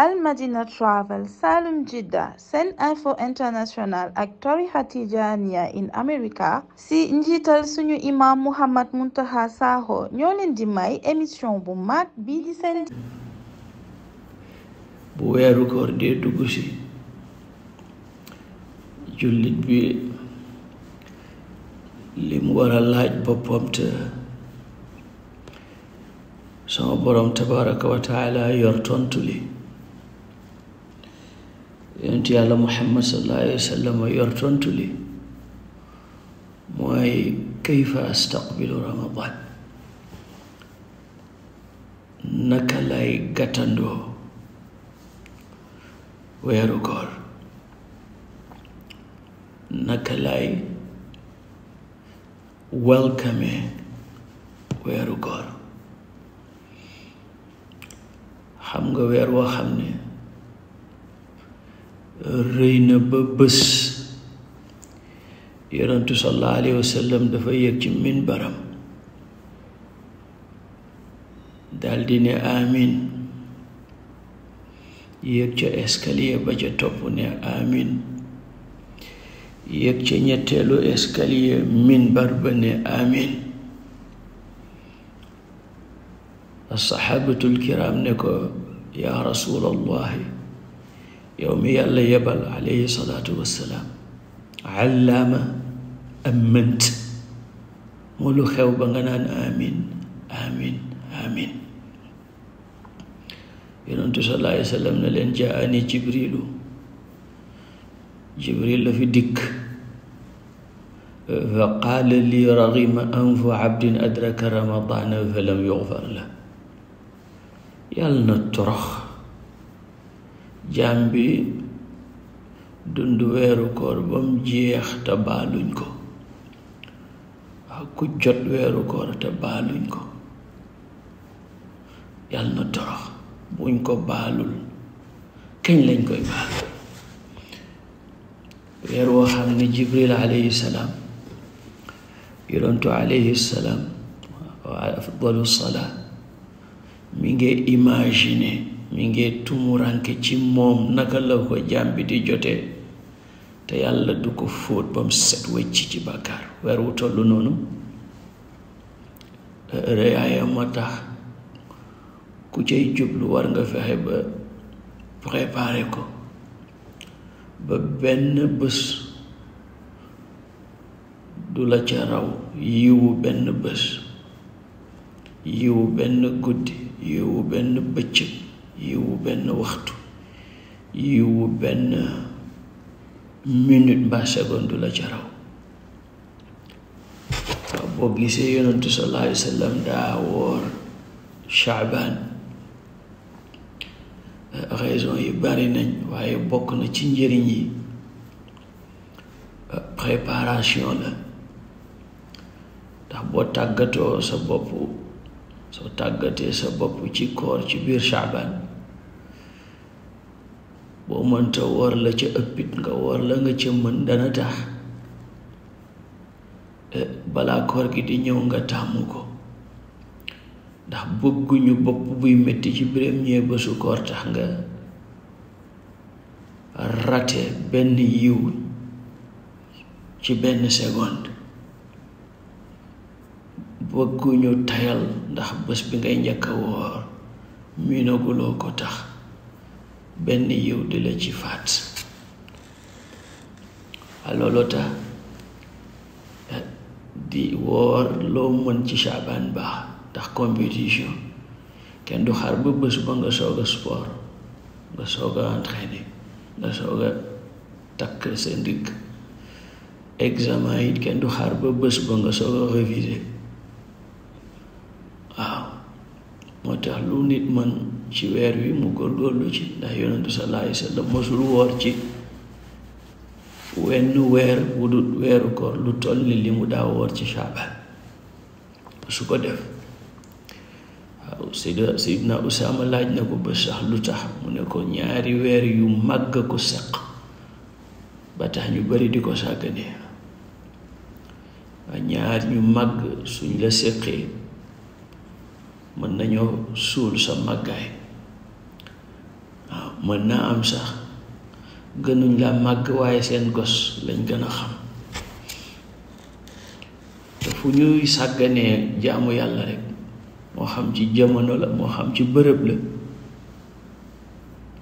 al madina travel salum jidda sen info international ak tarixa tijaniya in america si njiital suñu imam Mouhamed Muntaha Sakho ñoo leen may émission bu mag bi di seen bu weeru koor dee dugg si jullit bi li mu war a laaj te sama borom tabaraka wa taala li yonent yàlla muhammad sallallahu alayhi wa sallam yor tontu li mooy kayfa astaqbilu ramadan naka lay gàttandoo weeru koor naka lay welcome weeru koor xam nga weer woo xam ne rëy na ba bés yonentu sallallahu alayhi wa sallam dafa yëg ci minbaram daldi ne amin yëg ca escalier ba ca topp ne amin yëg ca ñetteelu escalier minbar ba ne amin asaxaabatul kiram ne ko yaa rasulallahi yow mi yàlla yebal alayhi salaatu wassalaam allaama am mënt moo lu xew ba nga naan amin amin amin yonentu sallallahu alayhi wa sallam ne leen jaani jibrilu jibril la fi dikk fa qaala li raghima anfu abdin adraka ramadana fa lam yughfar la yàlla na torox jaam bi dund weeru koor ba mu jeex te baaluñ ko waaw ku jot weeru koor te baaluñ ko yàlla na torox buñ ko baalul kañ lañ koy baal weer woo xam ne jibril alayhi salaam yonentu alayhi salaam wa afdalu salaa mi ngi imaginer mi ngi tumuranke ci moom naka la ko jaam bi di jotee te yàlla du ko fóot ba mu set wecc ci bàkkaar weer wu toll noonu reyaayam ma tax ku cay jublu war nga fexe ba préparé ko ba benn bés du la ca raw yiwu benn bés yiwu benn guddi yiwu benn bëccëg yiwu benn waxtu yiwu benn minute mbaa seconde la ca raw waaw boo gisee yonentu sallallahu alayhi wa nañ waaye bokk na ci njëriñ yi préparation la ndax boo tàggatoo sa bopp soo tàggatee sa bopp ci koor ci biir Shaaban boo mënta woor la ca ëppit nga woor la nga ca mën dana tax eh, balaa koor gi di ñëw nga tàmm ko ndax bëgguñu bopp buy metti ci premier bésu koor tax nga rate benn yiw ci benn seconde bëgguñu tayal ndax bés bi ngay njëkk a woor miinaguloo ko tax benn yiw di la ci faat looloo tax eh, di woor loo mën ci Shaabaan baax ndax compétition kenn du xaar ba bés ba nga soog a sport nga soog a nga soog takk sa ndigg examen yi kenn du xaar ba bés ba nga soog a révisé waaw moo tax lu nit mën ci weer wi mu góorgóorlu ci ndax yonentu sallallahu alayhi wa sallam mosul woor ci wenn weer wu dul weeru koor lu toll ni li mu daa woor ci Shaaban su ko def waaw Seydina Seydina Usaama laaj na ko ba sax lu tax mu ne ko ñaari weer yu màgg a ko seq ba tax ñu bari di ko sàggane ñaar ñu màgg suñ la seqee mën nañoo suul sa màggaay mën naa am sax gënuñ la màgg waaye seen gos lañ gën a xam te fu ñuy sàgganee jaamu yàlla rek moo xam ci jamono la moo xam ci bërëb la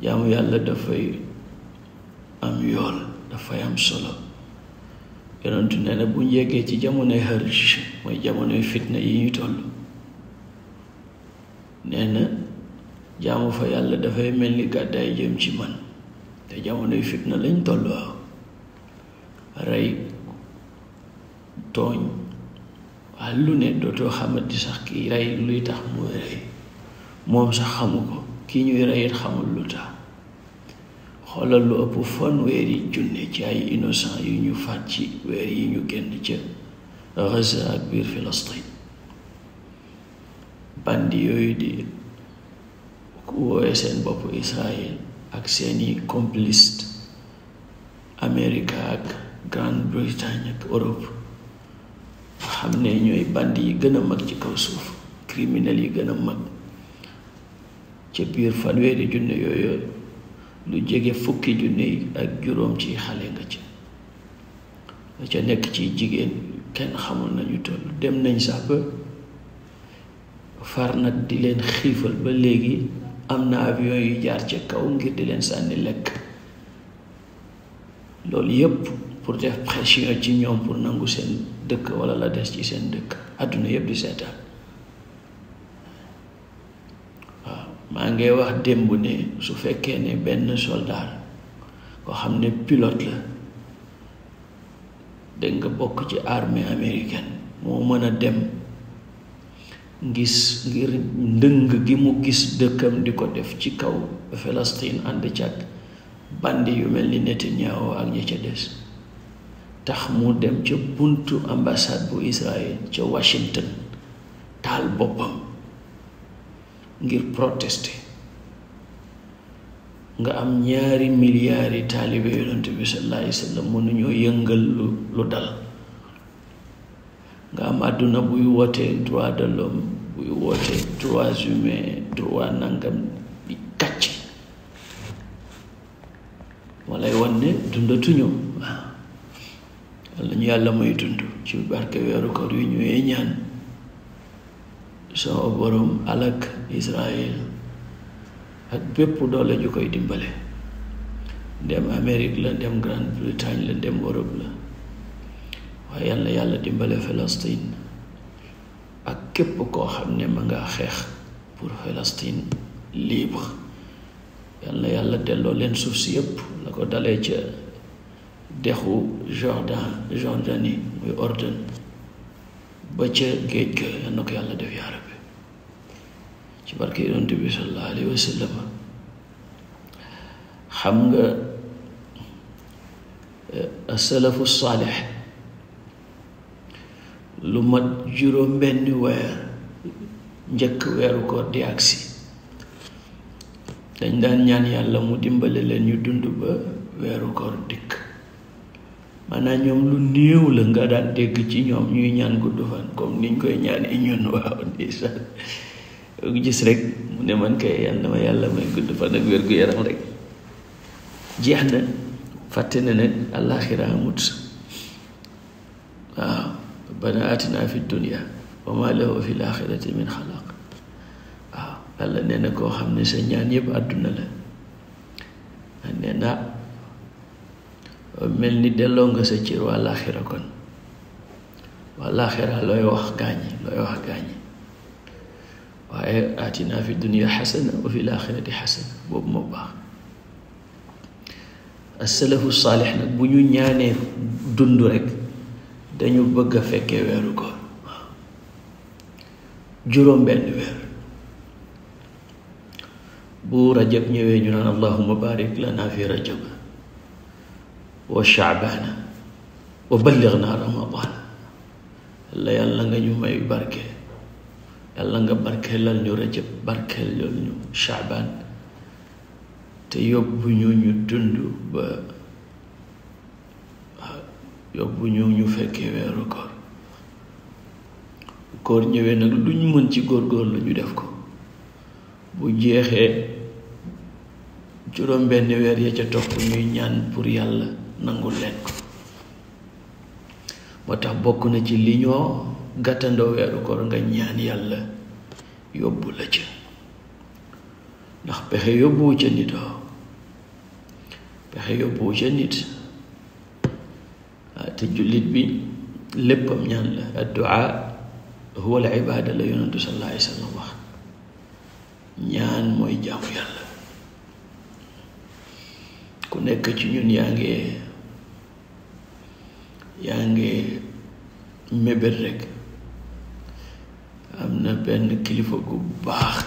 jaamu yàlla dafay am yool dafay am solo yonentu nee na buñ yeggee ci jamonoy xërj mooy jamonoy fitna yi ñu toll nee jaamu fa yàlla dafay mel ni gàddaay jëm ci man te jamonoy fitna lañ toll waaw rey tooñ waa lu ne dootoo xamati sax kii rey luy tax muy rey moom sax xamu ko kii ñuy reyit xamul lu tax xoolal lu ëpp fanweeri junne ci ay innocent yu ñu faat ci weer yi ñu génn ca Gaza ak biir Filastin bandi yooyu di ku wooye seen bopp Israël ak seeni complice Amérique ak Grande-Bretagne ak Europe xam ne ñooy band yi gën a mag ci kaw suuf criminel yi gën a mag ca biir fanweeri junne yooyu lu jege fukki junne yi ak juróom ci xale nga ci ca nekk ci jigéen kenn xamul nañu toll dem nañ sax ba far nag di leen xiifal ba léegi am na avion yu jaar ca kaw ngir di leen sànni lekk loolu yépp pour def pression ci ñoom pour nangu seen dëkk wala la des ci seen dëkk àdduna yépp di seetaan waaw maa ngi wax démb ne su fekkee ne benn soldat koo xam ne pilote la dégg nga bokk ci armée américaine moo mën a dem ngis ngir ndëng gi mu gis dëkkam di ko def ci kaw Palestine ànd ci ak bandi yu mel ni Netanyahu ak ñi ca des tax mu dem ca bunt ambassade bu Israël ca Washington taal boppam ngir protester nga am ñaari milliards yi taalibe yonent bi sallallahu alayhi wa sallam mënuñoo yëngal lu dal nga am àdduna buy woote droit de l'homme buy woote droits humains droit nangam bi kàcc walay wan ne dundatuñu waaw wala ñu yàlla may dund ci barke weeru koor yu ñëwee ñaan sama borom alak Israël ak bépp doole ju koy dimbale dem Amérique la ndem Grande-Bretagne la ndem Europe la waaye yàlla dimbale Palestine ak képp koo xam ne ma nga xeex pour Palestine libre yal yàlla delloo leen suuf si yépp la ko dalee ca dexu Jordan Jordanie muy Ordon ba ca géej ga yàlla def yaa rabbi ci barke yonent bi sallallahu alayhi xam nga eh, asalafu saalix lu mat juróom benn weer njëkk weeru koor di aksi dañ daan ñaan yàlla mu dimbale leen ñu dund ba weeru koor dikk maanaam ñoom lu néew la nga daan dégg ci ñoom ñuy ñaan gudd fan comme niñ koy ñaan i ñun waaw ndeysaan gis rek mu ne man kay yàlla may gudd fan ak wér gu yaram rek jeex na fàtte na ne àllaaxira amut waaw rabbana atina fi dunia wa ma lahu min xalaq waaw yàlla nee na koo xam ne sa ñaan yëpp àdduna la nee mel ni delloo nga sa cër waa laaxira kon waa laaxira looy wax gaañi looy wax gaañi waaye atina fi dunia xasana wa fi xasana boobu moo baax asalafu saalix nag bu ñu ñaanee dund rek dañu bëgg a fekkee weeru koor juróom benn weer bu rajab ñëwee ñu naan allahuma barik lana fi rajab wa shaabaana wa balligh na ramadaan la yàlla nga ñu may barke yàlla nga barkeelal ñu rajab barkeelal ñu shaabaan te yóbbu ñu ñu dund ba yóbbu ñu ñu fekkee weeru koor koor ñëwee nag lu ñu mën ci góorgóorlu ñu def ko bu jeexee juróom benn weer ya ca topp ñuy ñaan pour yàlla nangul leen ko moo tax bokk na ci li ñoo gàttandoo weeru koor nga ñaan yàlla yóbbu la ca ndax pexe yóbbuwu ca nit oo pexe yóbbuwu ca nit te jullit bi léppam ñaan la adduaa huwa al ibaada la yonentu sallallahu alayhi wa sallam wax ñaan mooy jaamu yàlla ku nekk ci ñun yaa ngi yaa ngi mébét rek am na benn kilifa gu baax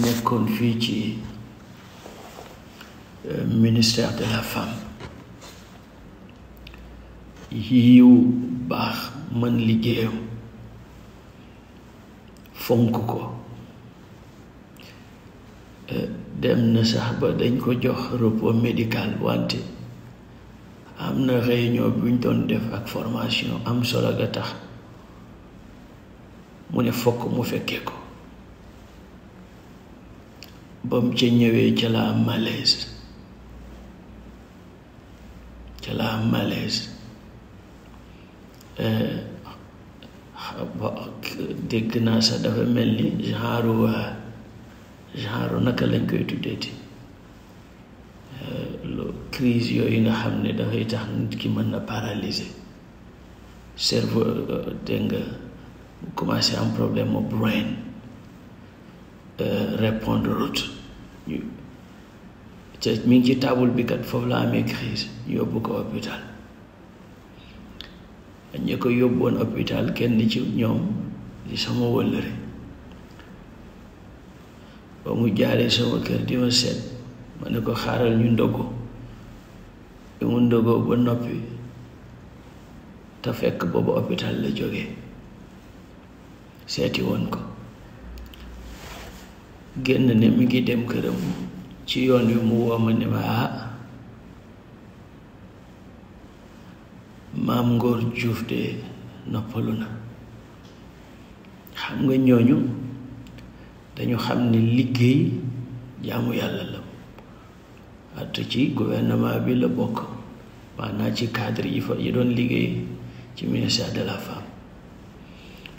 nekkoon fii ci Euh, ministère de la femme yiw baax mën liggéeyam fonk ko euh, dem na sax ba dañ ko jox repos médical wante am na réunion buñ doon def ak formation am solo ga tax mu ne fokk mu fekkee ko ba mu ca ñëwee ca la malaise ca la am euh, dégg naa sax dafa mel ni genre waa naka lañ koy tuddeeti euh, lu crise yooyu nga xam ne dafay tax nit ki mën na paralysé cerveau euh, dégg nga commencé am problème mu brain répondre route ca mi ngi ci taabul bi kat foofu la amee crise yóbbu ko hôpital ñi ko yóbboon hôpital kenn ci ñoom di sama wëllëre ba mu jaaree sama kër di ma seet ma ne ko xaaral ñu ndogo di mu ndogoo ba noppi te fekk boobu hôpital la jógee seeti woon ko génn ne mi ngi dem këram ci yoon wi mu woo ma ni ma maam Ngor Juuf de noppalu na xam nga ñooñu dañu xam ne liggéey jaamu yàlla la at ci gouvernement bi la bokk maanaam ci cadre yi yi doon liggéey ci ministère de la femme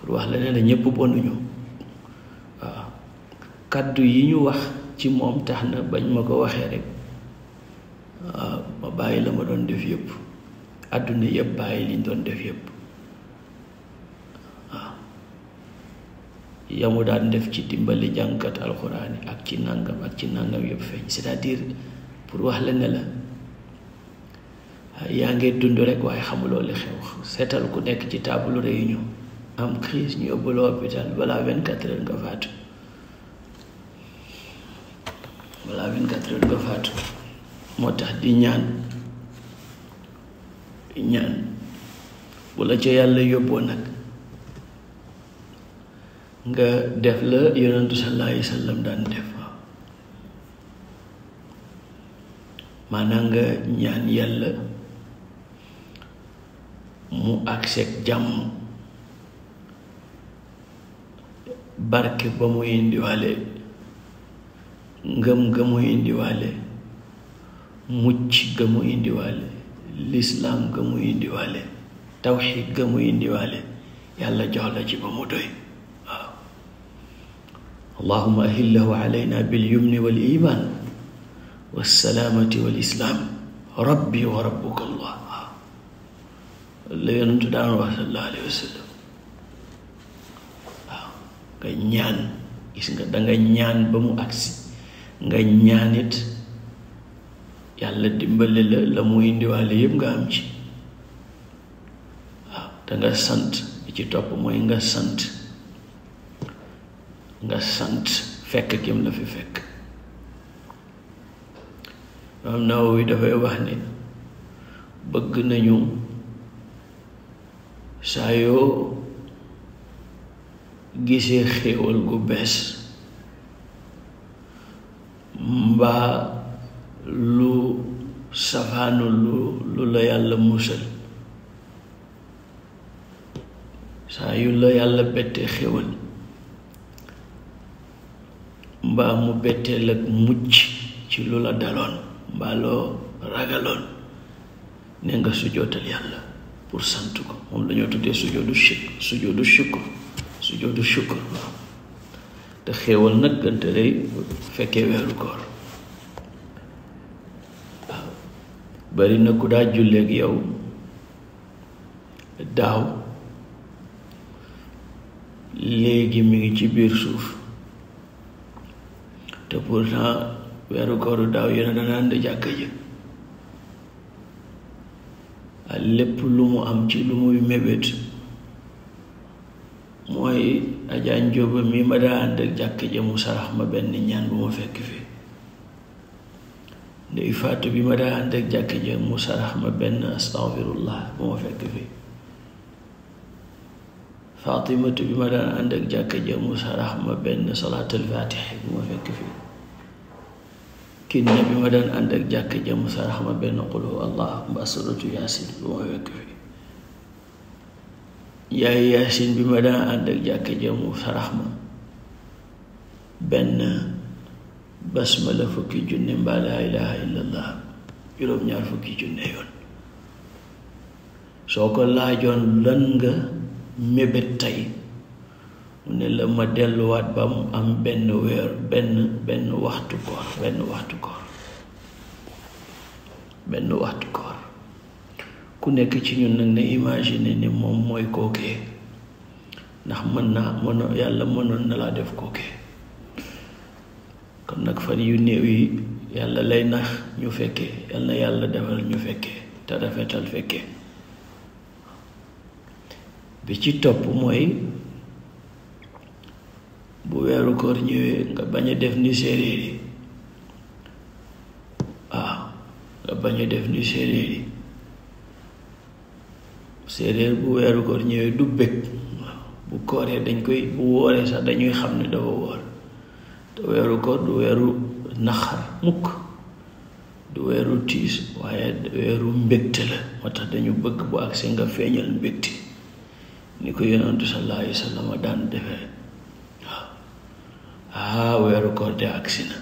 pour wax ah, la ne la ñépp bonuñu waaw kàddu yi ñu wax ci moom tax na bañ ma ko waxee rek waaw ma bàyyi la ma doon def yëpp àdduna yëpp bàyyi liñ doon def yëpp waaw yamu daan def ci dimbali jànkat alxuraan ak ci nàngam ak ci nàngam yëpp feeñ cest à diir pour wax la ne la yaa ngi dund rek waaye xamuloo li xew seetal ku nekk ci table réunion am crise ñu yóbbu la hôpital balaa vingt-quatre nga faatu balaa 24 heures ba faatu moo tax di ñaan ñaan bu la ca yàlla yóbboo nag nga def la yonentu sallallahu alayhi wa sallam daan def waaw maanaam nga ñaan yàlla mu agseeg jàmm barke ba mu indiwaale ngëm gëmu indiwaale mucc gëmu indiwaale lislaam gëmu indiwaale tawxiid gëmu indiwaale yàlla joxla la ci ba mu doy waaw allahuma ahillahu alayna bilyumni wal iman wassalaamati rabbi wa rabbuka allah waaw la yonentu daan wax sallallahu alayhi wa sallam ñaan mu agsi nga ñaanit yàlla dimbali la la indiwaale yëpp nga am ci waaw te nga sant bi ci topp mooy nga sant nga sant fekk kim la fi fekk am yi dafay wax ne bëgg nañu saa yoo gisee xéewal gu bees mbaa lu safaanu lu lu la yàlla musal saa yu la yàlla bettee xéwal mbaa mu betteel ak mucc ci lu la daloon mbaa loo ragaloon ne nga sujootal yàlla pour sant ko moom la tuddee sujoodu shukr sujoodu waaw te xéewal nag gënte lay fekkee weeru koor bari na ku daa julleeg yow daaw léegi mi ngi ci biir suuf te pourtant weeru kooru daaw yéen dana ànd jàkka ji lépp lu mu am ci lu muy mébét mooy ajaan jóoba mi ma daa ànd ak jàkka ji mu sarax ma benn ñaan bu ma fekk fi nuy faatu bi ma daa ànd ak jàkk ja sarax ma benn astafirullah bu ma fekk fi faatimatu bi ma daan ànd ak jàkk ja mu sarax ma benn salaatul fatix bu yaasin bu ma fekk fi yaay yaasin bi ma daan ànd ak jàkk ja sarax ma benn basmala fukki junne mbaa laa ilaha illallah juróom-ñaar fukki junne yoon soo ko laajoon lan nga mébét tey mu ne la ma delluwaat ba mu am benn weer benn benn waxtu koor benn waxtu koor benn waxtu koor ku nekk ci ñun nag ne imaginer ni moom mooy kookee ndax mën naa mëno yàlla mënoon na laa def kookee nag fan yu néew yi yàlla lay nax ñu fekkee yàlla yàlla defal ñu fekkee te rafetal fekkee bi ci topp mooy bu weeru koor ñëwee nga bañ a def ni séeréer yi waaw nga bañ a def ni séeréer yi séeréer bu weeru koor ñëwee du bëgg bu kooree dañ koy bu sax dañuy xam ne dafa woor du weeru ko du weeru naxar mukk du weeru tiis waaye weeru mbégte la moo tax dañu bëgg bu agsi nga feeñal mbégte ni ko yonentu sallallahu alayhi wa sallam daan defee waaw ah, weeru koor de agsi na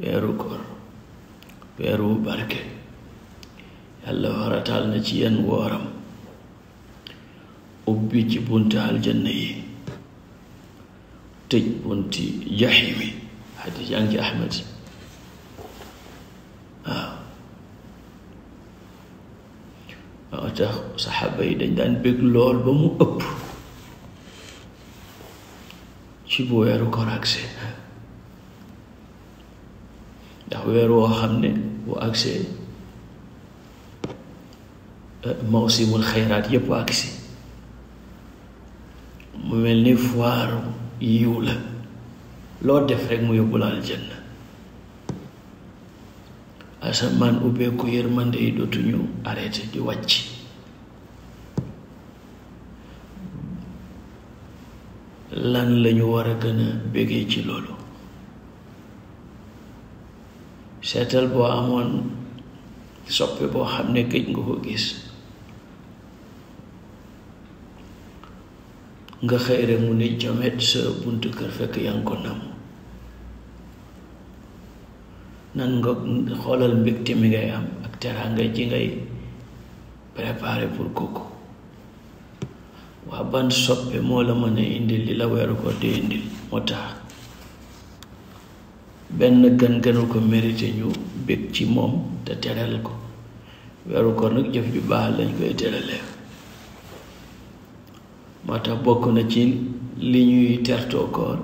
weeru koor weeru barke yàlla farataal na ci yenn wooram ubbi ci buntu aljanna yi tëj bunti jaxiim yi xadis yaa ngi ci Ahmad waaw waaw tax saxaaba yi dañ daan bég lool ba mu ëpp ci bu weeru koor agsee ndax weer woo xam ne bu agsee eh, mawsimul xayraat yépp agsi mu mel ni foiru yiw la loo def rek mu yóbbu la aljanna asamaan ubbeeku yërmande yi dootuñu arrêté di wacc lan lañu war a gën a bégee ci loolu seetal boo amoon soppe boo xam ne gëj nga ko gis nga xëy rek mu ne jamet sa buntu kër fekk yaa ko nam nan nga xoolal mbégte mi ngay am ak teraanga ji ngay préparé pour kooku waa ban soppe moo la mën a indil li la weeru ko di indil moo tax benn gan gënal ko mérité ñu bég ci moom te teral ko weeru ko nag jëf ju baax lañ koy teralee moo tax bokk na ci li ñuy tertoo koor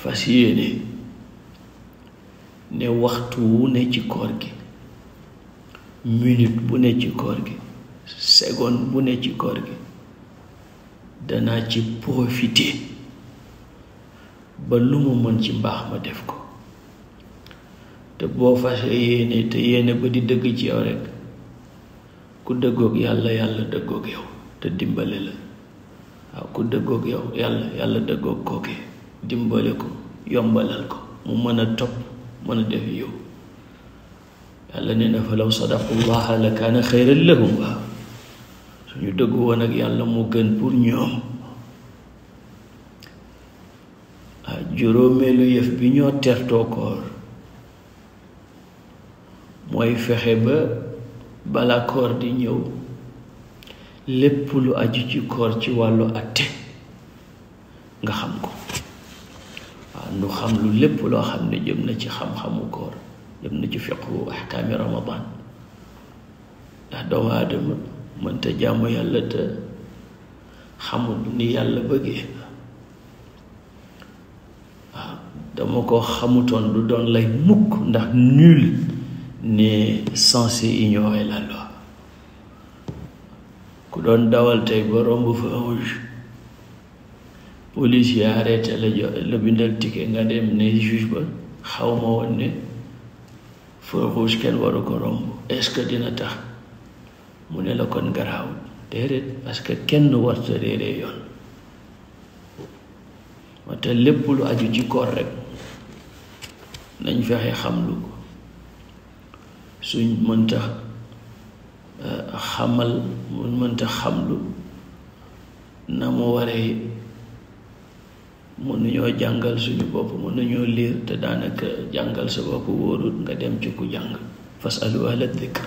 fas yéene ne waxtu wu ne ci koor gi minute bu ne ci koor gi seconde bu ne ci koor gi danaa ci profité ba lu ma mën ci mbaax ma def ko te boo fasee yéene te yéene ba di dëgg ci yow rekk ku dëggook yàlla yàlla dëggoog yow te dimbale la waaw ku dëggoog yow yàlla yàlla dëggoog kooke dimbale ko yombalal ko mu mën a topp mën a def yow yàlla nee na fa law a la kaana xayran lahum waaw suñu dëggu woon ak yàlla mu gën pour ñoom ah juróomeelu yëf bi ñoo tertoo koor mooy fexe ba bala koor di ñëw lépp lu aju ci koor ci wàllu atte nga xam ko waaw nu xam lu lépp loo xam ne jëm na ci xam-xamu koor jëm na ci fiqhu ahkaami ramadan ndax doomu aadama mënta jaamu yàlla te xamul ni yàlla bëggee waaw dama ko xamutoon du doon lay mukk ndax nul n'est censé ignorer la loi ku doon dawal tey ba romb fa police yi arrêté jo la bindal ticket nga dem ne juge ba xaw ma woon ne fa kenn waru ko romb est-ce que dina tax mu ne la kon garaawul déedéet parce que kenn warta réeree yoon wate lépp lu aju ci koor nañ fexe xam lu ko suñ mënta xamal mu mënta xamlu na mu waree mënuñoo jàngal suñu bopp mënuñoo liir te daanaka jàngal sa bopp wóorut nga dem ci ku jàng fasalu ahla dikr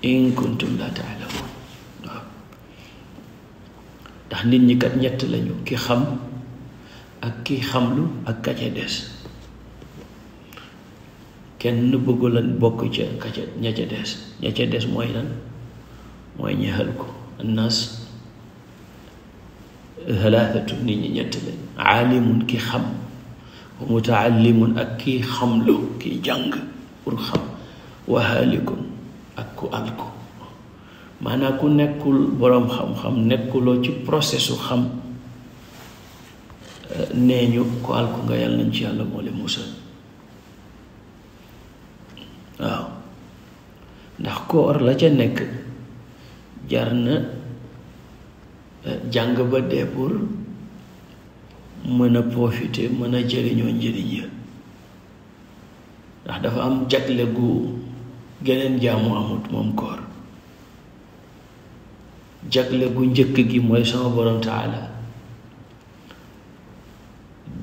in kuntum la taalamun waaw ndax nit ñi kat ñett lañu ki xam ak ki xamlu ak ka des kenn bëggul a bokk ca ka ca ña ca des ña ca des mooy lan mooy ñi xel ko annaas halaatatu nit ñi ñett lañ aalimun ki xam wa mutaallimun ak kii xamlu kii jàng pour xam wa haalikun ak ku alku maanaam ku nekkul boroom xam-xam nekkuloo ci processu xam eh, nee ñu ku alku nga yàlla nañ ci yàlla moo le musal waaw ndax koor la ca nekk jar na eh, jàng ba dee pour mën a profiter mën a jëriñoo njëriñ ya ndax dafa am jagle gu geneen jaamu amut moom koor jagle gu njëkk gi mooy sama borom taala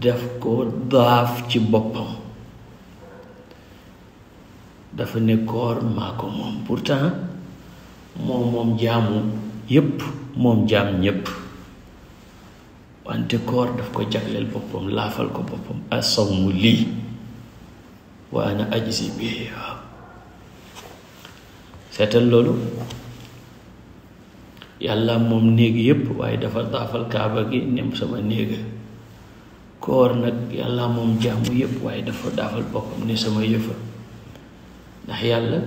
def ko daaf ci boppam dafa ne koor maa ko moom pourtant moom moom jaamu yépp moom jaam ñépp wante koor daf ko jagleel boppam laafal ko boppam asawmu lii wa ana ajzi bi waaw seetal loolu yàlla moom néeg yépp waaye dafa laafal kaaba gi nem sama néega koor nag yàlla moom jaamu yépp waaye dafa daafal boppam ne sama yëfa ndax yàlla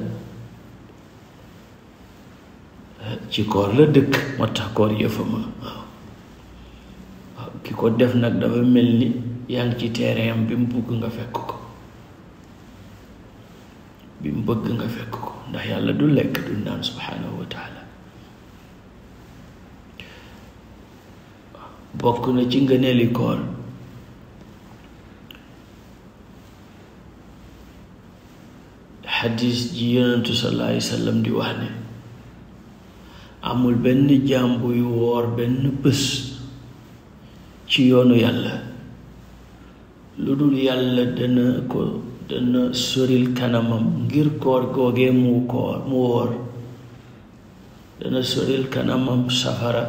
ci koor la dëkk moo tax koor yëfama waaw ki ko def nag dafa mel ni yaa ngi ci terrain am bi mu bëgg nga fekk ko bi mu bëgg nga fekk ko ndax yàlla du lekk du naan subhanahu wa bokk na ci ngëneeli koor xadis ji yonentu sallallahu alayhi di wax ne amul benn jaam yu woor benn bés ci yoonu yàlla lu dul yàlla dana ko dana soril kanamam ngir koor googee mu koor mu woor dana soril kanamam safara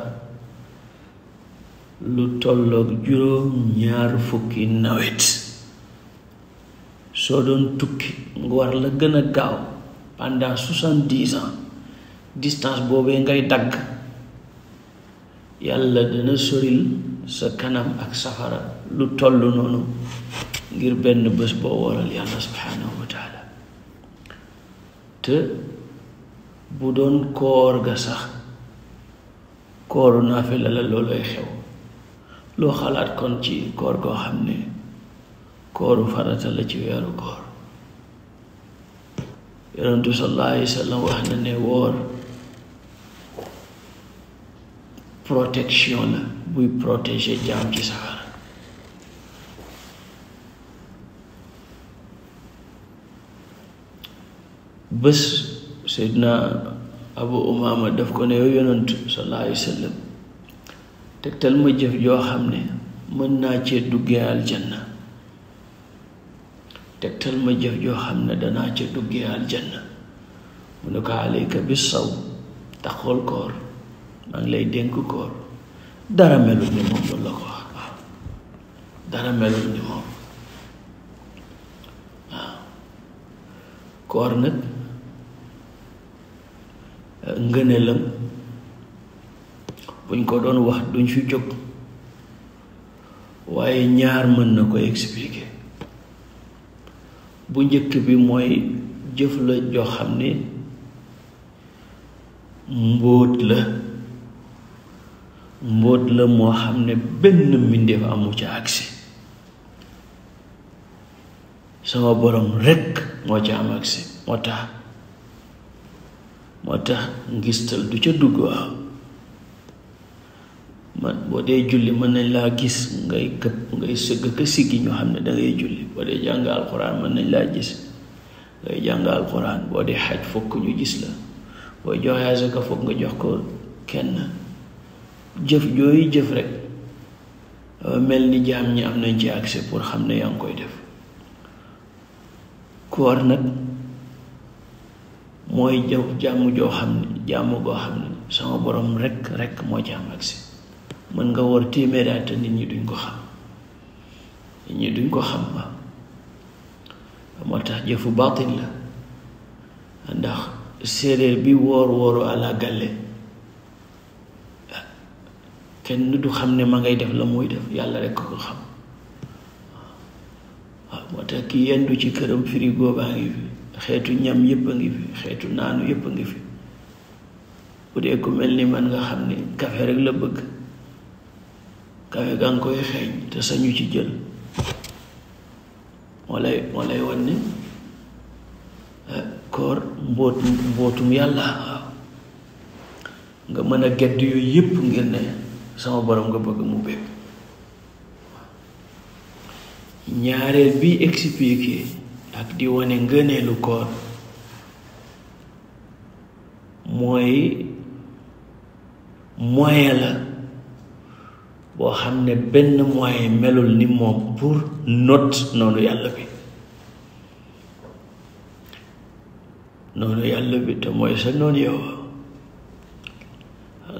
lu tolloog juróom ñaar fukki nawet soo doon tukki nga war la gën a gaaw pendant soixante-dix ans distance boobee ngay dagg yàlla dana soril sa kanam ak safara lu toll noonu ngir benn bés boo waral yàlla subhaanahu wa te bu doon koor ga sax kooru naafila la looloy xew loo xalaat kon ci koor goo xam ne kooru farata la ci weeru koor yonentu sallallahu alayhi wax na ne woor protection la buy protéger jaam ci safara bés seydina abu umaama daf ko ne yow yonentu sallallahu alayhi wa tegtal ma jëf joo xam ne mën naa cee duggee aljanna tegtal ma jëf joo xam ne danaa ca duggee aljanna mu ne ko alayka bis saw taxool koor maa ngi lay dénk koor dara melul ni moom la waaw dara melul ni moom waaw eh, buñ ko doon wax duñ fi jóg waaye ñaar mën na ko expliquer bu jëkk bi mooy jëf la joo xam ne mbóot la mbóot la moo xam ne benn mbindeef amu ca agsi sama boroom rekk moo ca am agsi moo tax moo tax ngistal du ca dugg waaw man boo dee julli mën nañ laa gis ngay këpp ngay sëgg ka siggi ñu xam ne dangay julli boo dee jàng alxuraan mën nañ laa gis ngay jàng alxuraan boo dee xaj fokk ñu gis la booy joxe asaka fokk nga jox ko kenn jëf jooyu jëf rek mel ni jaam ñi am nañ ci accès pour xam ne yaa ngi koy def koor nag mooy jaw jàmm joo xam ne jàmm goo xam ne sama borom rek rek moo ci am mën nga woor téeméeri at nit ñi duñ ko xam nit ñi duñ ko xam ma moo tax jëfu baatin la ndax séeréer bi woor wooru àla kenn du xam ne ma ngay def la muy def yàlla rek ko xam waaw moo tax ki yendu ci këram frigo baa ngi fi xeetu ñam yëpp a ngi fi xeetu naanu yëpp a ngi fi bu dee ku mel ni man nga xam ne kafe rek la bëgg kawe gaa ngi koy xeeñ te sañu ci jël moo lay moo lay wan ni eh, koor yàlla nga mën a gedd yooyu yépp ngir ne sama boroom nga bëgg mu bépp ñaareel bi expliqué ak di wane ngëneelu koor mooy moyen la boo xam ne benn moyen melul ni moom pour noot noonu yàlla bi noonu yàlla bi te mooy sa noonu yow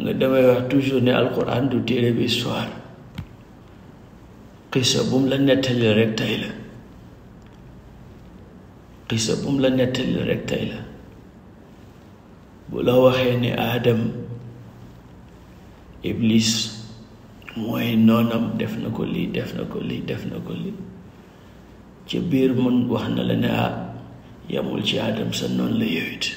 nga damay wax toujours ne alquran du téere bi histoire xisa bu mu la nettali rek tay la xisa bu mu la nettali rek tay la bu la waxee ne aadam Iblis mooy noonam def na ko lii def na ko lii def na ko lii ci biir mun wax na la ne ah yamul ci aadam sa noon la yowit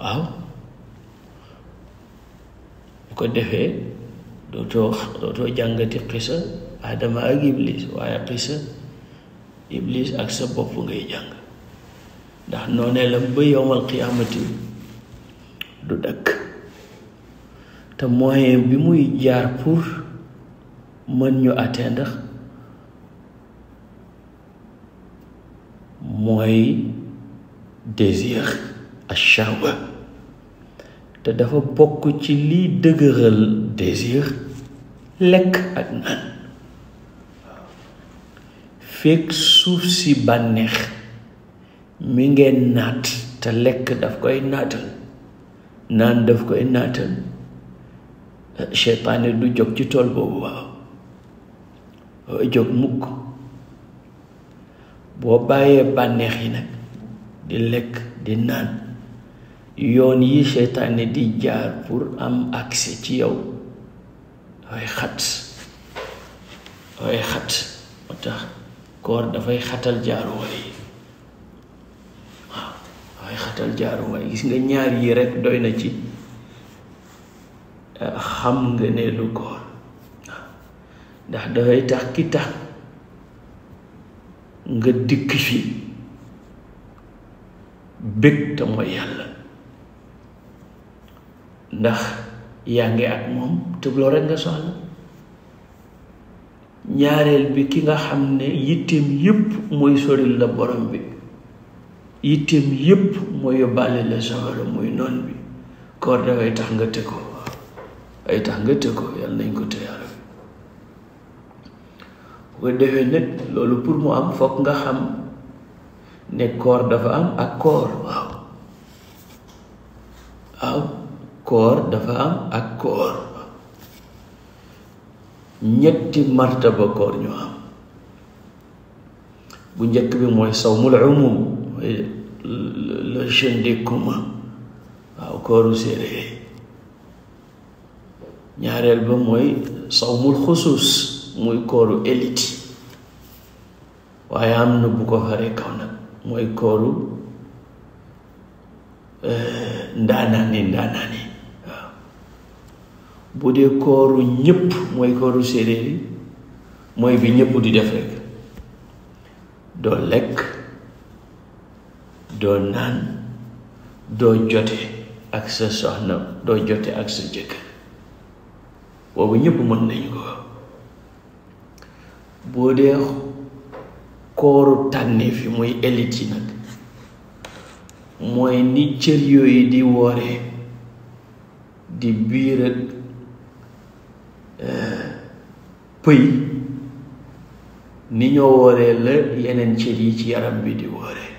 waaw bu ko defee dootoo dootoo jàngati xisa aadama ak iblis waaye xisa iblis ak sa bopp ngay jàng ndax noonee la ba yowmal qiyaamati du dakk te moyen bi muy jaar pour mën ñu atteindre mooy désir ash-shahwa te dafa bokk ci liy dëgëral désir lekk ak naan fekk suuf si bànneex mi ngeen naat te lekk daf koy naatal naan daf koy naatal seytaane du jóg ci tool boobu waaw jóg mukk boo bàyyee bànneex yi nag di lekk di naan yoon yi seytaane di jaar pour am accès ci yow dafay xat dafay xat moo tax koor dafay xatal jaaruwaay yi waaw dafay xatal jaaruwaay gis nga ñaar yi rekk doy na ci xam nga ne lu koor ndax dafay tax ki tax nga dikk fi bég te mooy yàlla ndax yaa ngi ak moom te loolu rekk nga soxla ñaareel bi ki nga xam ne yitteem yépp mooy soril la borom bi yitteem yépp mooy yóbbaale la sawara muy noon bi koor dafay tax nga tëkkoo ay tax nga te ko yàlla nañ ko téyaara bu ko defee nag loolu pour mu am foog nga xam ne koor dafa am ak koor waaw waaw koor dafa am ak koor ñetti martaba koor ñu am bu njëkk bi mooy sawmul umum mooy le jeûne des communs waaw kooru séeréer ñaareel ba mooy sawmul xusuus muy kooru élite waaye am na bu ko faree kaw nag mooy kooru ndaanaani eh, ndaanaani waaw bu dee kooru ñëpp mooy kooru séeréer mooy bi ñëpp di def rek doo lekk doo naan doo jote ak sa soxna doo jote ak sa jëkkër boobu ñëpp mën nañu ko boo dee kooru tànni fi muy élite yi nag mooy ni cër yooyu di wooree di biir ak eh, pëy ni ñoo wooree la yeneen cër yi ci yaram bi di wooree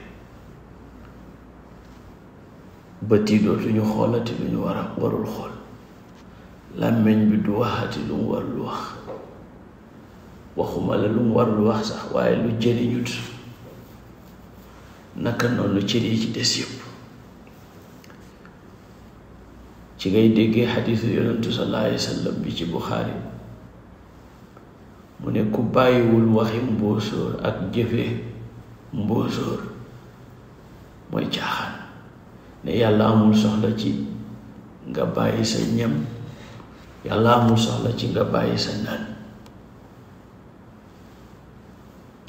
bët yi dootuñu xoolati lu ñu war warul xool làmmiñ bi du waxati lu mu warul wax waxuma la lu mu warul wax sax waaye lu jëriñut naka noonu cër yi ci des yëpp ci ngay déggee xadiisu yonentu sallallahu alayhi wa bi ci Buxaari mu ne ku bàyyiwul waxi mbóosóor ak jëfe mbóosóor mooy caaxaan ne yàlla amul soxla ci nga bàyyi sa ñam yàlla amul soxla ci nga bàyyi sa naan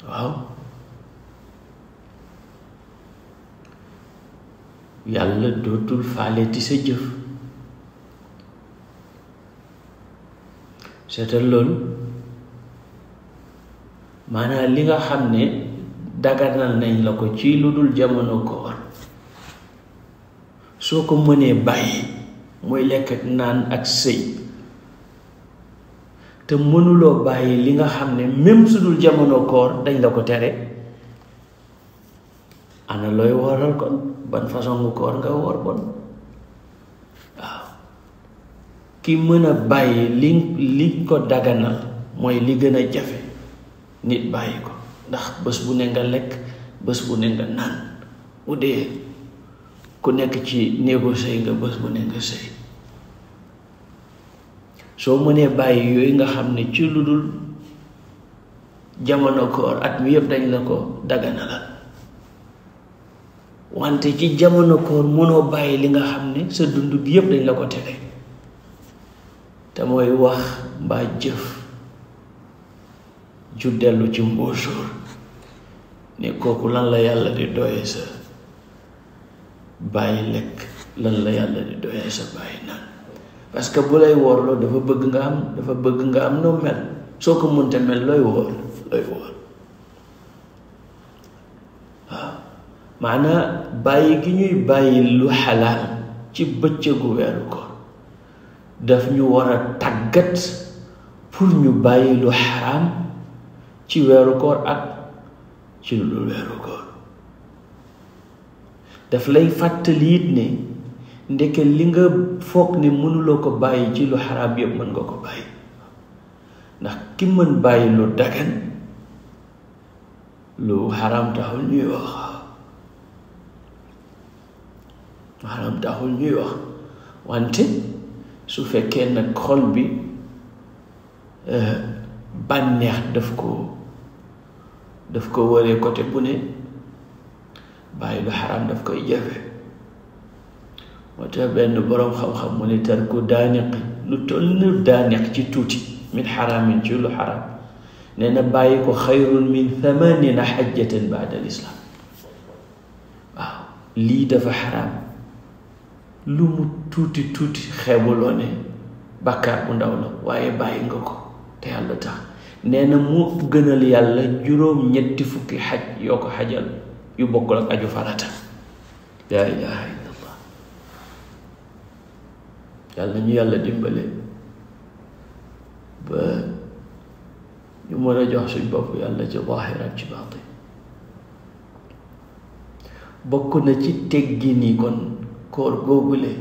waaw yàlla dootul faaleti sa jëf seetal loolu maanaam li nga xam ne daganal nañ la ko ci lu dul jamono koor soo ko mënee bàyyi mooy lekk ak naan ak sëy te mënuloo bàyyi li nga xam ne même su jamono koor dañ la ko tere am na looy waral kon ban façon ngu koor nga woor kon waaw ki mën a bàyyi li li ko daganal mooy li gën a jafe nit bàyyi ko ndax bés bu ne nga lekk bés bu ne nga naan bu dee ku nekk ci néegu sëy nga bés bu ne nga sëy soo mënee bàyyi yooyu nga xam ne ci lu dul jamono koor at mi yëpp dañ la ko daganalal wante ci jamono koor mënoo bàyyi li nga xam ni sa dund bi yëpp dañ la ko tere te mooy wax mbaa jëf ju dellu ci mbóosóor ne kooku lan la yàlla di doye sa bàyyi lekk lan la yàlla di doye sa bàyyi naan parce que bu lay woorloo dafa bëgg nga am dafa bëgg nga am noo mel soo ko mënta mel looy woor looy woor waaw maanaa bàyyi gi ñuy bàyyi lu xalaal ci bëccëgu weeru koor daf ñu war a tàggat pour ñu bàyyi lu xaraam ci weeru koor ak ci lu weeru koor daf lay fàttali ne ndeke li nga foog ne mënuloo ko bàyyi ci lu xaraam yëpp mën nga ko bàyyi ndax ki mën bàyyi lu dagan lu xaraam taxul ñuy wax lu xaraam taxul ñuy wax wante su fekkee nag xol bi eh, bànneex daf ko daf ko waree côté bu ne bàyyi lu xaraam daf koy jafe moo benn boroom xam-xam mu ni tarku daaniq lu toll ni ci tuuti min xaraamin ci lu xaraam nee na bàyyi ko xayrun min thamanina xajjatan baada lislaam waaw lii dafa xaraam lu mu tuuti tuuti xeebuloo ne bàkkaar bu ndaw la waaye bàyyi nga ko te yàlla tax nee mu gënal yàlla juróom ñetti fukki xaj yoo ko xajal yu bokkul ak aju farata laa ilaha yàlla ñu yàlla dimbale ba ñu mën a jox suñ bopp yàlla ci zaahir ak ci baatin bokk na ci teggi ni kon koor googule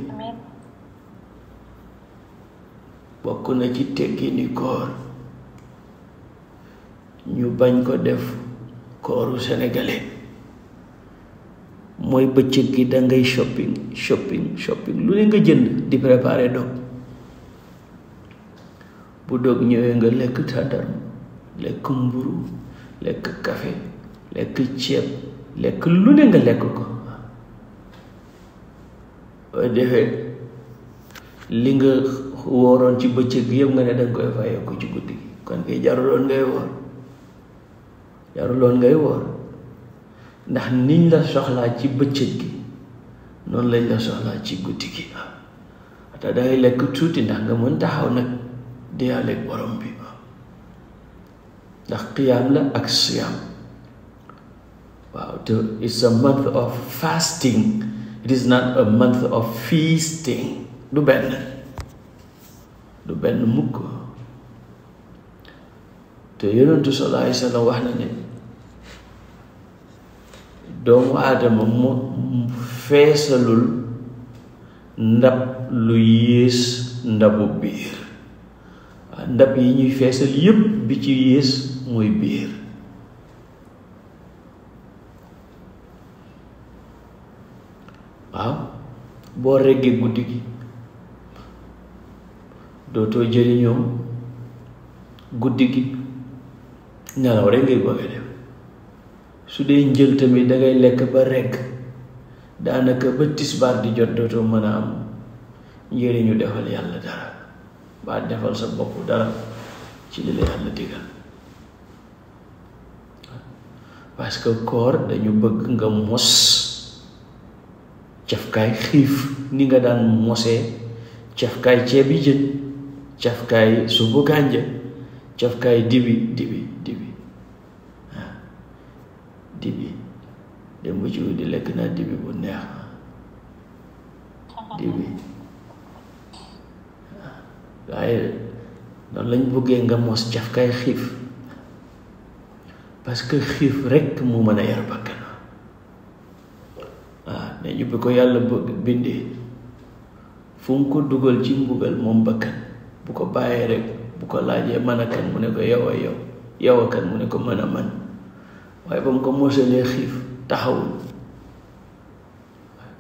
bokk na ci teggi ni koor ñu bañ ko def kooru sénégalais mooy bëccëg gi da ngay shopping shopping shopping lu ne nga jënd di préparer dog bu dog ñëwee nga lekk tàndarma lekk mburu lekk kafe lekk ceeb lekk lu ne nga lekk ko waaye defee li nga wooroon ci bëccëg gi yëpp nga ne danga koy fayee ko ci guddi gi kon kay jaruloon ngay woor jaruloon ngay woor ndax niñ la soxlaa ci bëccëg gi noonu lañ la soxlaa ci guddi gi waaw te dangay lekk tuuti ndax nga mën taxaw nag diyaaleeg borom bi ndax qiyaam la ak siyaam waaw te it's a month of fasting it is not a month of feasting du benn du benn mukk te yonentu sallallahu alayhi wa sallam wax na ne doomu aadama mu feesalul ndab lu yées ndabu biir ndab yi ñuy feesal yépp bi ci yées mooy biir waaw boo reggee guddi gi dootoo jëriñoo guddi gi nelaw rek ngay bëgg a su dee njël tamit dangay lekk ba rekk daanaka ba tisbaar di jot dootoo mën a am njëriñu defal yàlla dara ba defal sa bopp dara ci li yàlla digal parce que koor dañu bëgg nga mos cafkaay xiif ni nga daan mose cafkaay ceebi jën cafkaay suubu kànja cafkaay dibi dibi dem ba ci di lekk naa dibi bu neex dibi waaye noonu lañ bëggee nga mos jaf kay xiif parce que xiif rekk mu mën a yar bakkan waaw ne ñu bi ko yàlla bëgg fu mu ko dugal ci mbugal moom bakkan bu ko bàyyee rek bu ko laajee mën a kan mu ne ko yow a yow yow a kan mu ne ko mën a man waaye ba mu ko mosalee xiif taxawul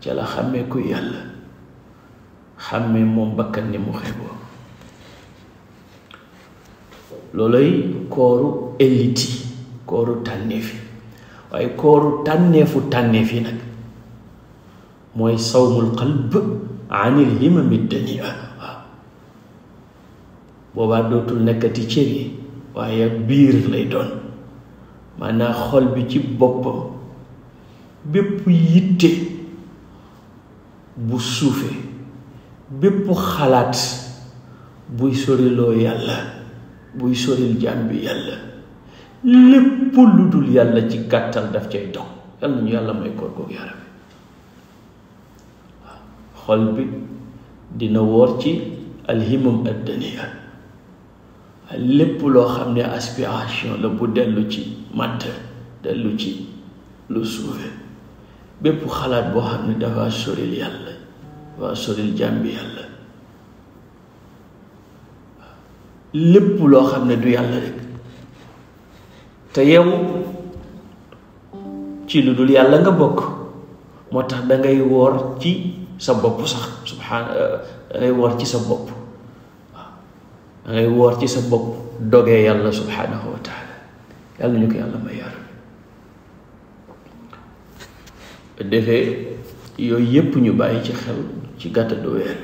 ca la xàmmee ku yàlla xàmmee moom bakkan ni mu xeeboo looloy kooru élite kooru tànneef yi waaye kooru tànneefu tànneef yi nag mooy sawmul qalb anil himami dania waaw boobaa dootul nekkati cër yi waaye biir lay doon maanaam xol bi ci boppam bépp yitte bu suufe bépp xalaat buy soriloo yàlla buy soril jaam bi yàlla lépp lu dul yàlla ci gàttal daf cay dox yàlla nañu yàlla may koor googu yaram waaw xol bi dina woor ci alhimam addaniya lépp loo xam ne aspiration la bu dellu ci matt dellu ci lu suufe bépp xalaat boo xam ne dafa soril yàlla dafa soril jàmbi yàlla lépp loo xam ne du yàlla rek te yow ci lu dul yàlla nga bokk moo tax dangay woor ci sa bopp sax subhaan euh, dangay woor ci sa bopp waaw ci sa bopp dogee yàlla subhaanahu wa yàlla ñu ko yàlla ma yar defee yooyu yépp ñu bàyyi ci xel ci gàttadu weer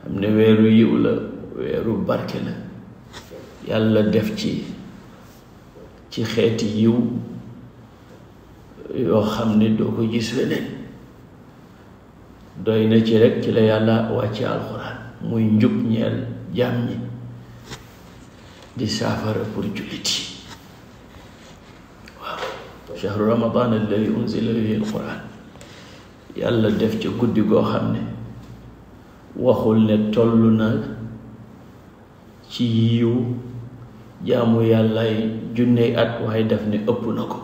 xam ne weeru yiw la weeru barke la yàlla def ci ci xeeti yiw yoo xam ne doo ko gis feneen doy na ci rek ci la yàlla wàcce alxuraan muy njub ñeel jaam ñi di saafara pour jullit shahru ramadan alladi unzila fihi alquran yàlla def ci guddi goo xam ne waxul ne toll na ci yiw jaamu yàllaay junney at waaye def ne ëpp na ko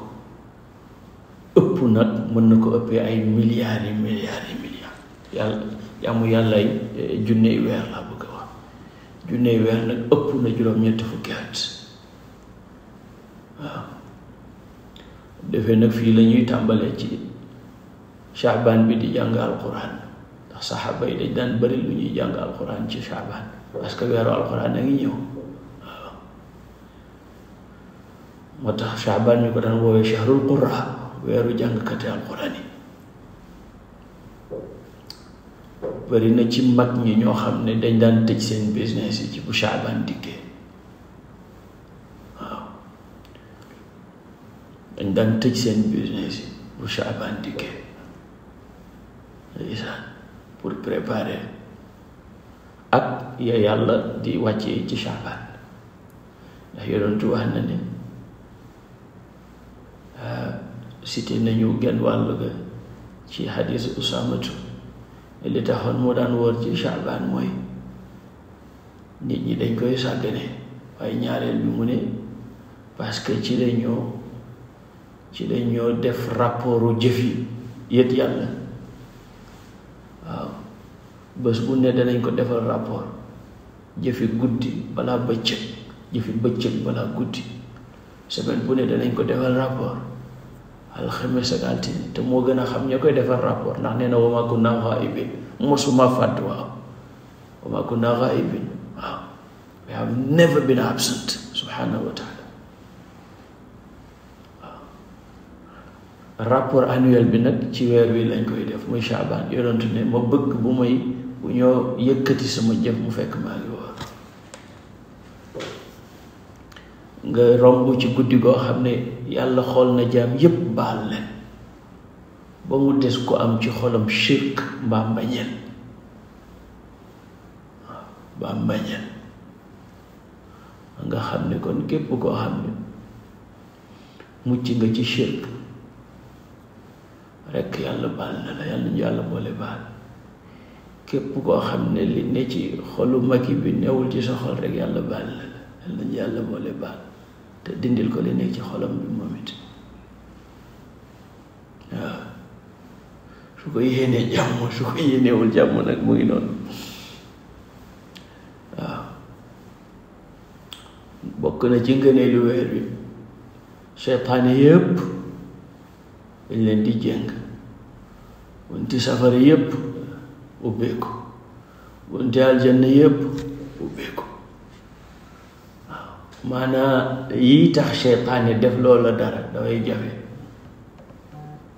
ëpp nag mën na ko ëppee ay milliards yi milliards yi milliards yàlla jaamu yàllaay eh, junney weer laa bëgg wax junney weer nag ëpp na juróom-ñetti fukki at defee nag fii la ñuy tàmbalee ci chaabaan bi di jàng alquran ndax saxaaba yi dañ daan bëri lu ñuy jàng alquran ci chaabaan parce que weeru alquran a ngi ñëw waaw moo tax chaabaan ñu ko daan woowee chahrul qurra weeru jàngkate alquran yi bëri na ci mag ñi ñoo xam ne dañ daan tëj seen business yi ci bu chaabaan dikkee dañ daan tëj seen business yi bu Chaabaan dikkee ndeysaan pour préparer ak ya yàlla di wàccee ci Chaabaan ndax yonentu wax na ne ah, cité nañu genn wàll ga ci xadis usamatu li taxoon moo daan wóor ci mooy nit ñi dañ koy sàggane waaye ñaareel bi mu ne parce que ci la ci la ñoo def rapportu jëf yi yët yàlla waaw bés bu ne danañ ko defal rapport jëfi guddi balaa bëccëg jëfi bëccëg balaa guddi semaine bu ne danañ ko defal rapport alxames ak altine te moo gën a xam ña koy defal rapport ndax nee na wa maa kunnaa gaa'ibiin mosuma fàtt waaw wa maa kunnaa gaa'ibiin waaw we have never been absent subhanahu wa rapport annuel bi nag ci weer wi lañ koy def muy Shaabaan yonentu ne ma bëgg bu may bu ñoo yëkkati sama jëf mu fekk maa ngi woor nga romb ci guddi goo xam ne yàlla xool na jaam yépp baal leen ba mu des ko am ci xolam shirk mbaa mbañeel mbaa mbañeel nga xam ne kon képp koo xam ne mucc nga ci shirk rekk yàlla baal na la yàlla ñu boole baal képp koo xam ne li ne ci xolu maki bi newul ci sa xol rekk yàlla baal na la yàlla ñu boole baal te dindil ko li nekk ci xolam bi moom it waaw su ko yéenee jàmm su ko yéeneewul jàmm nag mu ngi noonu waaw bokk na ci ngëneelu weer bi seytaane yépp dañ leen di jëng bunti safara yépp ubbeeku bunti aljanna yépp ubbeeku waaw maanaa yii tax seytaane def loo la dara dafay jafe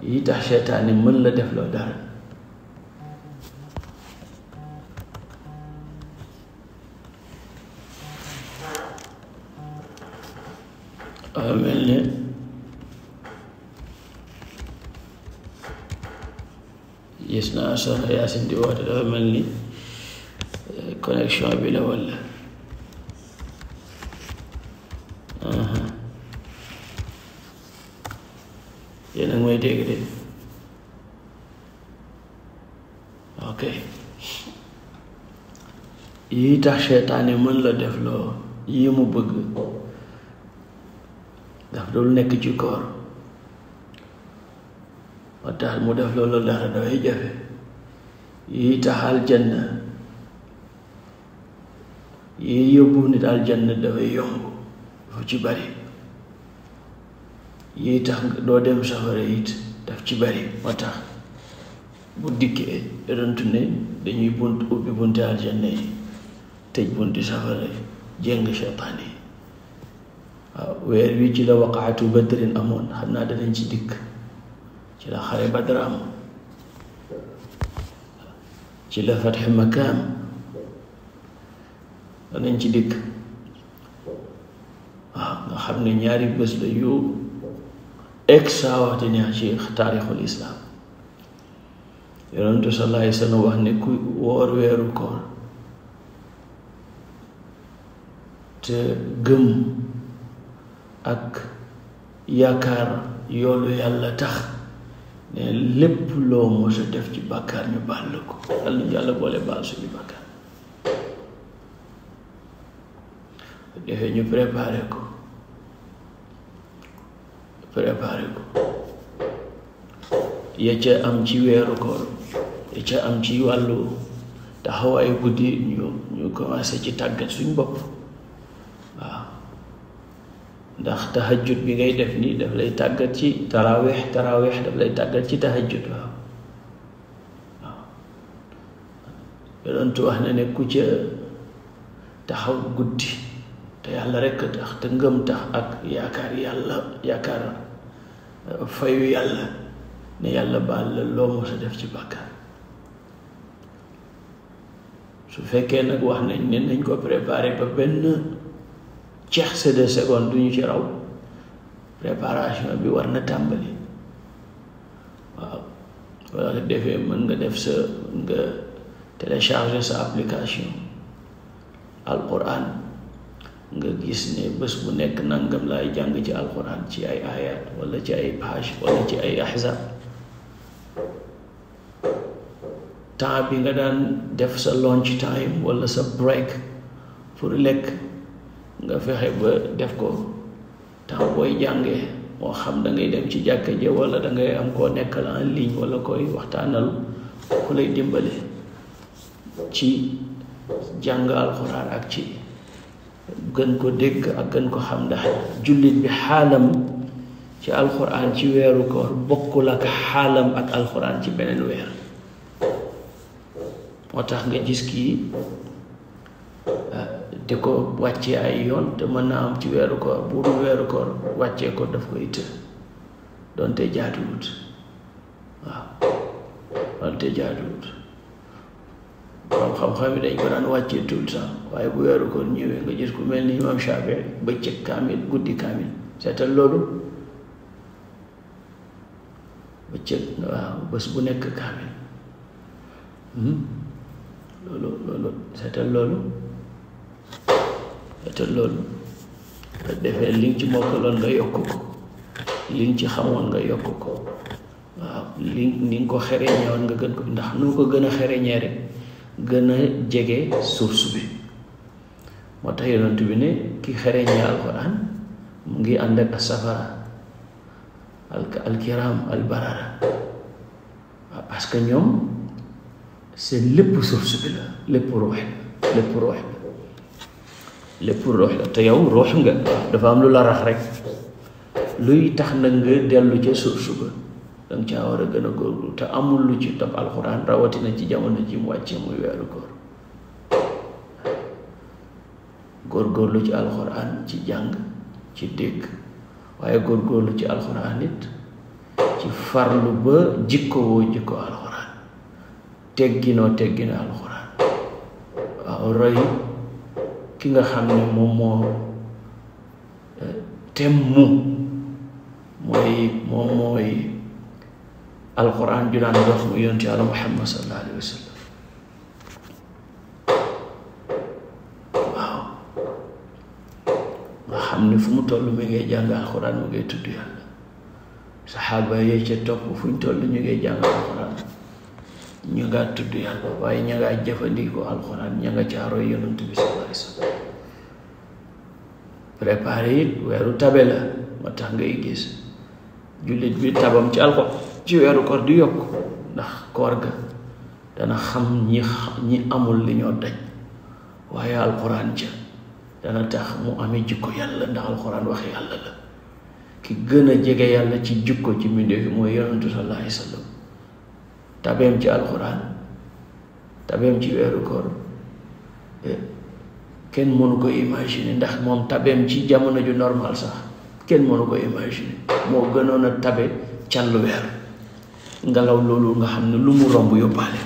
yii tax seytaane mën la def loo dara waaw mel ne gis naa sax Yaasin di woote dafa mel ni eh, connexion bi la walla yéen a ngi dégg de ok yii tax seetaane mën la def loo yii mu bëgg daf dul nekk ci koor ba tax mu def loolu dara dafay jafe yi tax aljanna yi yóbbu nit aljanna dafay yomb dafa ci bari yi tax doo dem safara it daf ci bari ba tax bu dikkee rentu ne dañuy bunt ubbi bunti aljanna yi tëj bunti safara jéng seytaane yi waaw weer wi ci la waxaatu badrin amoon xam naa danañ ci dikk ci la xare Badar am ci la fatxe Makka am danañ ci dikk waaw nga xam ne ñaari bés la yu extraordinaire ci taarixul islam yonentu sallallahu alayhi wa sallam wax ne ku woor weeru koor te gëm ak yaakaar yoolu yàlla tax ne lépp loo mos a def ci bàkkaar ñu baal la ko yàlla ñu suñu bàkkaar defee ñu préparé ko préparé ko ya ca am ci weeru ko ya ca am ci wàllu taxawaayu guddi ñu ñu commencé ci tàggat suñu bopp ndax tahajjud bi ngay def nii daf lay tàggat ci taraweex taraweex daf lay tàggat ci tahajjud waaw waaw wax na ne ku ca taxaw guddi te yàlla rekk tax te ngëm tax ak yaakaar yàlla yaakaar euh, fayu yàlla ne yàlla baal la loo mos def ci bàkkaar su fekkee nag wax nañ ne nañ ko préparé ba benn ceex sa deux duñu du ci raw préparation bi war na tàmbali waaw walla defee mën nga def sa nga télécharger sa application alquran nga gis ne bés bu nekk nangam laay jàng ci alquran ci ay ayat wala ci ay page wala ci ay ahzab temps bi nga daan def sa lunch time wala sa break pour lekk nga fexe ba def ko tax booy jàngee moo xam dangay dem ci jàkka ja wala da am koo nekkal en ligne wala koy waxtaanal ku lay dimbale ci jàng alxuraan ak ci gën ko dégg ak gën ko xam ndax jullit bi xaalam ci alxuraan ci weeru ko bokkul ak xaalam ak alxuraan ci beneen weer moo tax nga gis kii te ko wàccee ay yoon te mën naa am ci weeru koor bu dul weeru koor wàccee ko daf koy të doonte jaaduwut waaw doonte jaaduwut ko daan wàccee tout le waaye bu weeru koor ñëwee nga gis ku mel ni imam Shaafi bëccëg kaamil guddi kaamil seetal loolu bëccëg waaw bés bu nekk kaamil hmm? loolu loolu seetal loolu te loolu nga defee li nga ci mokkaloon nga yokk ko li nga ci xamoon nga yokk ko waaw li ni nga ko xereñee woon nga gën ko ndax nu ko gën a xereñee rek gën a jege source bi moo tax yonent bi ne ki xereñee alquran mu ngi ànd ak asafara al alkiram albarara waaw ñoom seen lépp source bi la lépp ruux lépp ruux bi lépp ruux la te yow ruux nga dafa am lu la rax rek luy tax na nga dellu ca source ba danga caa war a gën a góorlu te amul lu ci topp alxuraan rawatina ci jamono ji mu wàccee muy weeru góor góorgóorlu ci alxuraan ci jàng ci dégg waaye góorgóorlu ci alxuraan it ci farlu ba jikko woo jikko alxuraan tegginoo tegginoo alxuraan waaw roy ki nga xam ne moom moo eh, temmu mooy moom mooy alxuraan ju daan dox mu yonent yàlla muhammad fu mu toll mi ngay jàng alquran mu ngay tudd yàlla saxaaba yee ca topp fu ñu toll ñu ngay jàng alquran ñu nga tudd yàlla waaye ña ngaa jëfandikoo alxuraan ña nga caaroo yonent bi sallallahu alayhi préparé it weeru tabe la moo tax ngay gis jullit bi tabam ci alxuraan ci weeru koor di yokk ndax koor ga dana xam ñi ñi amul li ñoo daj waaye alxuraan ca dana tax mu amee jikko yàlla ndax alxuraan wax yàlla la ki gën a jege yàlla ci jikko ci mbindeef yi mooy yonentu sallallahu alayhi wa tabeem ci alxuraan tabeem ci weeru koor eh, kenn mënu ko imaginer ndax moom tabeem ci jamono ju normal sax kenn mënu koo imaginer moo gënoon a tabe canlu weer ngelaw loolu nga xam ne lu mu romb yóbbaale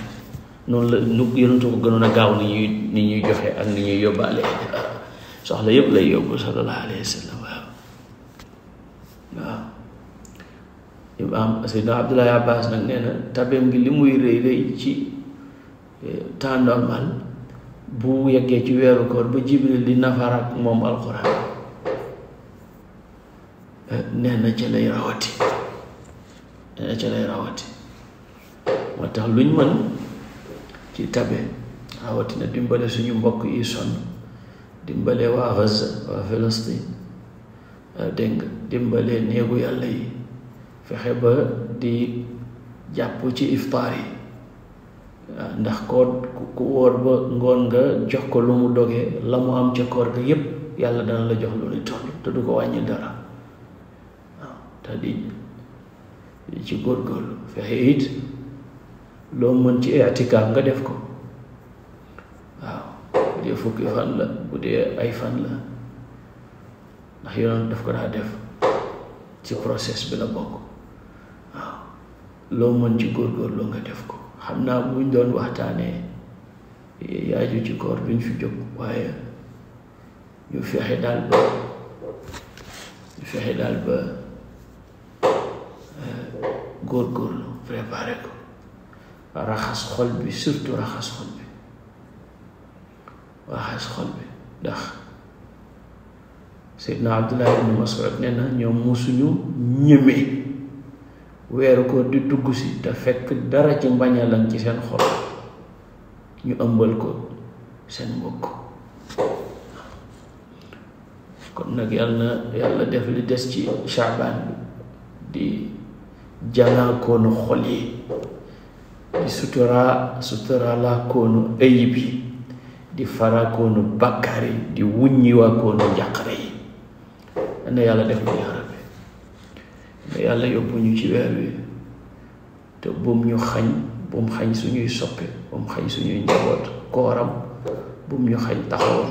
noonu la nu yonentu ko gënoon a gaaw ni ñuy ni ñuy joxe ak ni ñuy yóbbaale soxla yëpp lay yóbbu sallallahu alayhi wa waaw waaw Seydina Abdoulaye Abbas nag nee na tabeem gi li muy rëy rëy ci eh, temps normal bu yeggee ci weeru koor ba Jibril di nafar moom alxuraan eh, nee na rawati nee na rawati moo tax luñ mën ci tabe rawatina dimbale suñu mbokk yi sonn dimbale waa Gaza waa Palestine eh, dégg dimbale néegu yàlla yi fexe ba di jàpp ci iftaar yi ndax koo ku wóor ba ngoon nga jox ko lu mu dogee la mu am ca koor ga yépp yàlla dana la jox lu ni te du ko wàññi dara waaw te di ci góorgóorlu fexe it loo mën ci itikaaf nga def ko waaw bu dee fukki fan la bu dee ay fan la ndax yoon daf ko daa def ci process bi la bokk loo mën ci góorgóorloo nga def ko xam naa buñ doon waxtaanee yaaju ci koor duñ fi jóg waaye ñu fexe daal ba ñu fexe daal ba euh, góorgóorlu préparé ko raxas xol bi surtout raxas xol bi raxas xol bi ndax Seydina Abdullah ibn Mas'ud nee na ñoom suñu ñëmee weeru koor di dugg si te fekk dara ci mbañalan ci seen xol ñu ëmbal ko seen mbokk kon nag yàlla na yàlla def li des ci caabaan bi di janaakoonu xol yi di sutura suturaalaakoonu ayib yi di faraakoonu bakkaar yi di wuññiwaakoonu njàqare yi na yàlla def lu mais yàlla yóbbu ñu ci weer wi te bum ñu xañ bum xañ suñuy soppe bum xañ suñuy njaboot kooram bum ñu xañ taxawam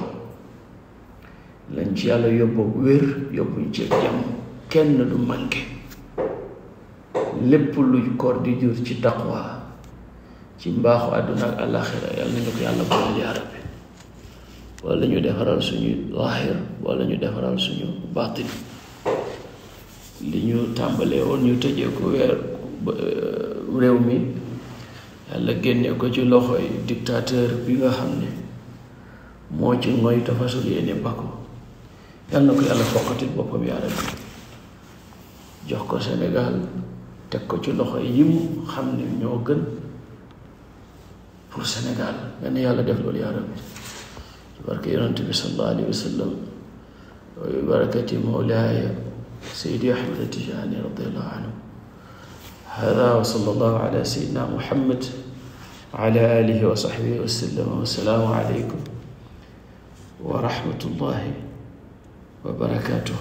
lañ ci yàlla yóbbu wér yóbbu ñu ci jàmm kenn du manqué lépp lu koor di jur ci taqwa ci mbaaxu àdduna ak àllaaxira yàlla nañu ko yàlla boole yaa rabbi wala ñu defaral suñu zaahir wala ñu defaral suñu baatin li ñu tàmbalee woon ñu tëjee ko weer euh, réew mi yàlla génnee ko ci loxo dictateur bi nga xam ne moo ci ngoy tafasul yéene bako yàlla na ko yàlla foqatil boppam yaa rabbi jox ko Sénégal teg ko ci loxo yi mu xam ne ñoo gën pour Sénégal yal na yàlla def loolu yaa rabbi barke yonent bi sallallahu alayhi wa sallam wa barakati mawlaaya سيدي أحمد التجاني رضي الله عنه هذا وصلى الله على سيدنا محمد وعلى آله وصحبه وسلم والسلام عليكم ورحمة الله وبركاته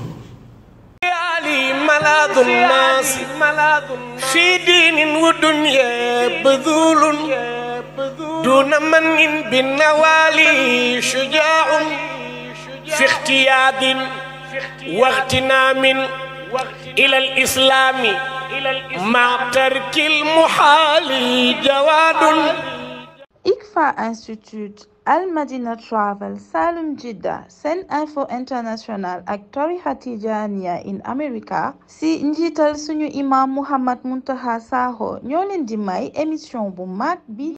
ملاذ الناس في دين ودنيا بذول دون من بالنوالي شجاع في اختياد واغتنام إلى الإسلام مع ترك المحال جواد Travel Salum Jidda Sen Info International ak tarixa Tijaaniya in America si njiital suñu imam Mouhamed Muntaha Sakho ñoo leen di may émission bu mat bi